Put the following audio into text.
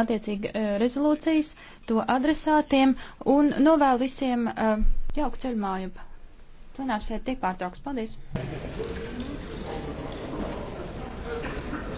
attiecīgi e, rezolūcijas to adresātiem un novēlu visiem e, jauku ceļmājumu. Plenārsēde tiek pārtraukts. Paldies!